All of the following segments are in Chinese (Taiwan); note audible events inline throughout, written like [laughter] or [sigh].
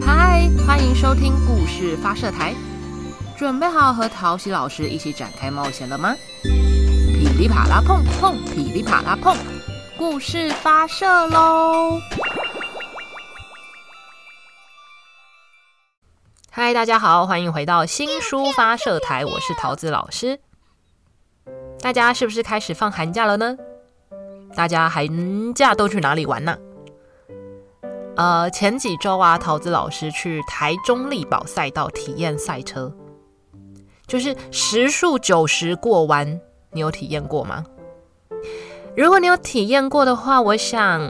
嗨，歡迎收聽故事發射台，準備好和桃喜老師一起展開冒險了嗎？噼里啪啦碰碰，噼里啪啦碰，故事發射嘍！嗨，大家好，歡迎回到新書發射台，我是桃子老師。大家是不是開始放寒假了呢？大家寒假都去哪裡玩呢？呃，前幾周啊，桃子老師去台中麗寶賽道體驗賽車，就是時速九十過彎，你有體驗過嗎？如果你有體驗過的話，我想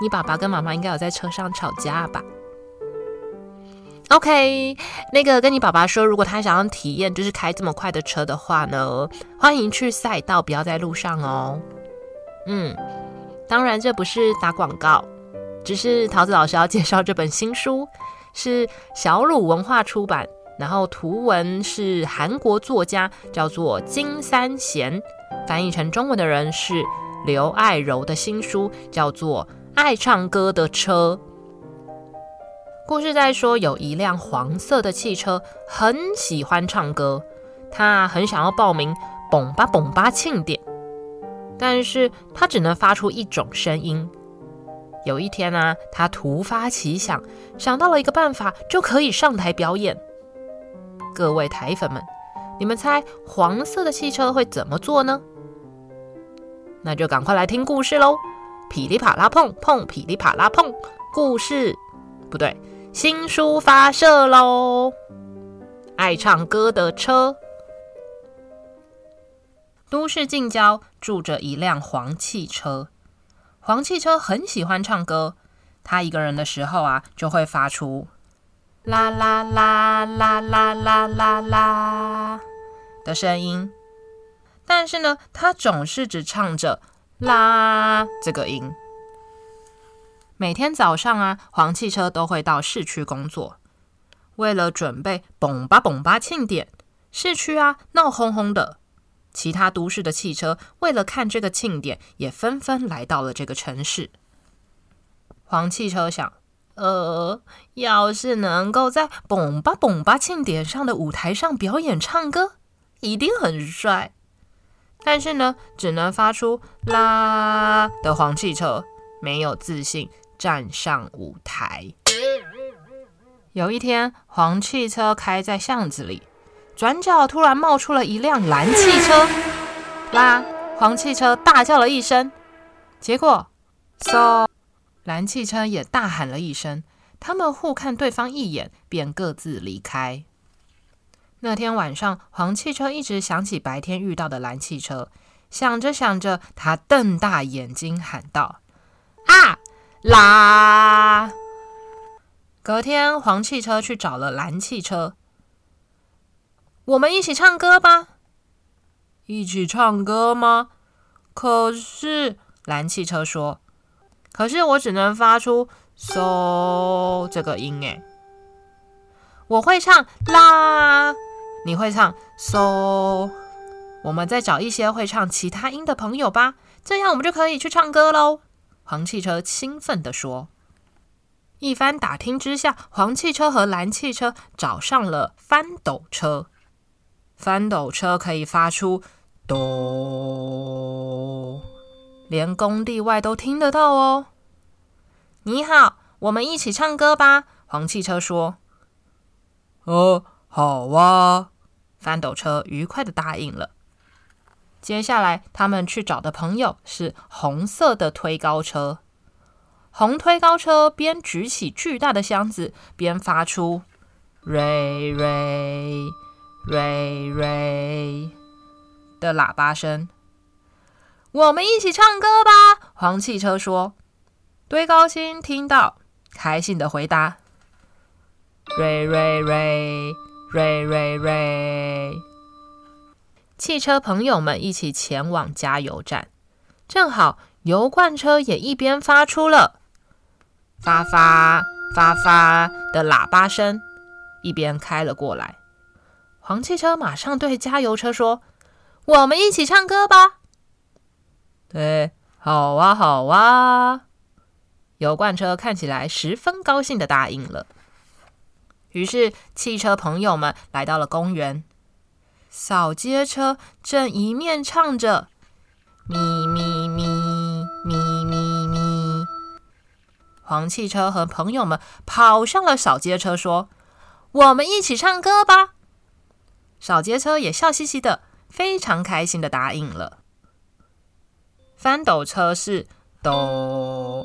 你爸爸跟媽媽應該有在車上吵架吧？OK，那個跟你爸爸說，如果他想要體驗就是開這麼快的車的話呢，歡迎去賽道，不要在路上哦。嗯，當然這不是打廣告。只是桃子老師要介紹這本新書，是小魯文化出版，然後圖文是韓國作家叫做金三賢，翻譯成中文的人是劉艾柔的新書，叫做《愛唱歌的車》。故事在說，有一輛黃色的汽車，很喜歡唱歌，他很想要報名，嘣吧嘣吧慶典，但是他只能發出一種聲音。有一天呢、啊，他突發奇想，想到了一個辦法，就可以上台表演。各位台粉們，你們猜黃色的汽車會怎麼做呢？那就趕快來聽故事嘍！噼里啪啦碰碰，噼里啪啦碰。故事畔，新書發射嘍！愛唱歌的車。都市近郊住着一輛黃汽車。黃汽車很喜歡唱歌，他一個人的時候啊，就會發出啦啦啦啦啦啦啦的聲音。但是呢，他總是只唱着“啦”這個音。每天早上啊，黃汽車都會到市區工作，為了準備“嘣吧嘣吧”慶典，市區啊鬧哄哄的。其他都市的汽車為了看這個慶典，也紛紛來到了這個城市。黃汽車想：“呃，要是能夠在‘嘣吧嘣吧’慶典上的舞台上表演唱歌，一定很帥。”但是呢，只能發出“啦”的黃汽車沒有自信站上舞台。 [laughs] 有一天，黃汽車開在巷子裡。轉角突然冒出了一輛藍汽車，啦！黃汽車大叫了一聲，結果，Sol！藍汽車也大喊了一聲。他們互看對方一眼，便各自離開。那天晚上，黃汽車一直想起白天遇到的藍汽車，想着想着，他瞪大眼睛喊道：“啊，啦！”隔天，黃汽車去找了藍汽車。我們一起唱歌吧，一起唱歌嗎？可是藍汽車說：“可是我只能發出 ‘so’ 這個音。”哎，我會唱 ‘la’，你會唱 ‘so’？我們再找一些會唱其他音的朋友吧，這樣我們就可以去唱歌嘍。”黃汽車興奮地說。一番打聽之下，黃汽車和藍汽車找上了翻斗車。翻斗車可以發出“咚”，連工地外都聽得到哦。你好，我們一起唱歌吧。黃汽車說：“哦，好哇。”翻斗車愉快地答應了。接下來，他們去找的朋友是紅色的推高車。紅推高車邊舉起巨大的箱子，邊發出“瑞瑞”。瑞瑞的喇叭聲，我們一起唱歌吧。黃汽車說：“堆高機聽到，開心的回答：瑞瑞瑞瑞瑞瑞。汽車朋友們一起前往加油站，正好油罐車也一邊發出了發發發發，發的喇叭聲，一邊開了過來。”黃汽車馬上對加油車說：“我們一起唱歌吧！”“對，好啊好啊！”油罐車看起來十分高興地答應了。於是，汽車朋友們來到了公園。掃街車正一面唱着：“咪咪咪咪咪,咪咪咪。”黃汽車和朋友們跑上了掃街車，說：“我們一起唱歌吧！”掃街車也笑嘻嘻的，非常開心的答應了。翻斗車是 Do，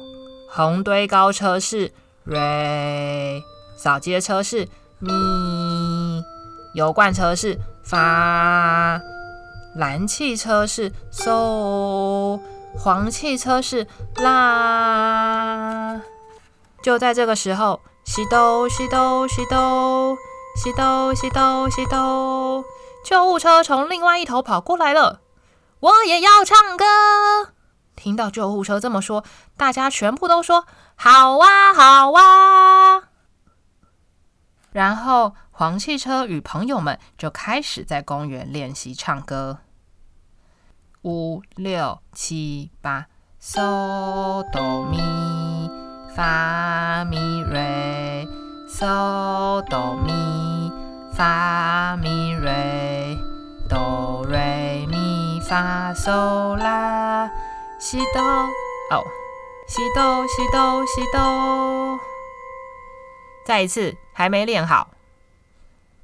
紅堆高車是 Re，掃街車是 Mi，油罐車是 Fa，藍汽車是 Sol，黃汽車是 La。就在這個時候，西哆西哆西哆。しどしどしど西哆西哆西哆！救護車從另外一頭跑過來了，我也要唱歌。聽到救護車這麼說，大家全部都說：“好哇、啊，好哇、啊！”然後黃汽車與朋友們就開始在公園練習唱歌。五六七八，so do mi fa mi re so do mi。發咪瑞，哆瑞咪發嗦拉，西哆哦，西哆西哆西哆，再一次，還沒練好。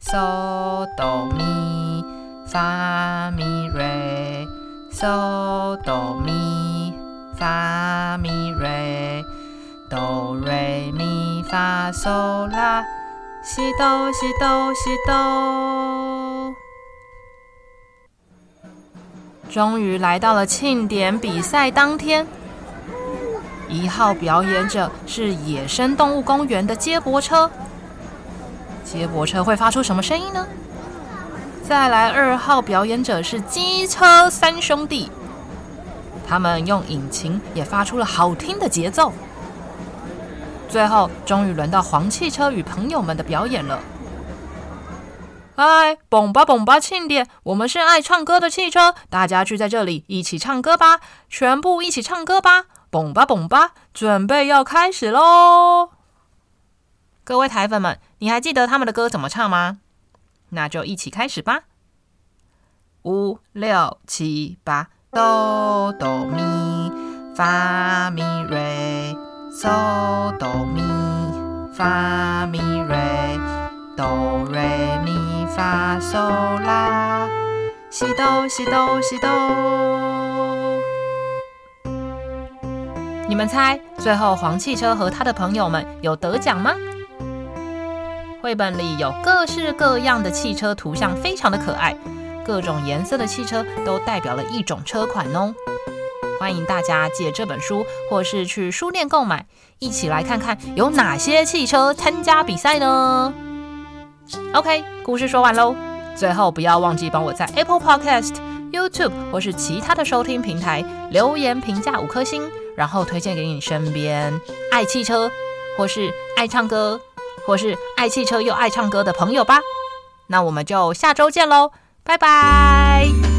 嗦哆咪發咪瑞，嗦哆咪發咪瑞，哆瑞咪發嗦拉。西多西多西多，終於來到了慶典比賽當天。一號表演者是野生動物公園的接駁車，接駁車會發出什麼聲音呢？再來，二號表演者是機車三兄弟，他們用引擎也發出了好聽的節奏。最後，終於輪到黃汽車與朋友們的表演了。嗨，嘣吧嘣吧，慶典！我們是愛唱歌的汽車，大家聚在這裡，一起唱歌吧！全部一起唱歌吧！嘣吧嘣吧，準備要開始嘍！各位台粉們，你還記得他們的歌怎麼唱嗎？那就一起開始吧！五六七八，哆哆咪發咪瑞。嗦哆咪發咪瑞哆瑞咪發嗦啦西哆西哆西哆。你們猜，最後黃汽車和他的朋友們有得獎嗎？繪本裡有各式各樣的汽車圖像，非常的可愛。各種顏色的汽車都代表了一種車款哦。歡迎大家借這本書，或是去書店購買，一起來看看有哪些汽車參加比賽呢？OK，故事說完嘍。最後不要忘記幫我在 Apple Podcast、YouTube 或是其他的收聽平台留言評價五顆星，然後推薦給你身邊愛汽車，或是愛唱歌，或是愛汽車又愛唱歌的朋友吧。那我們就下周見嘍，拜拜。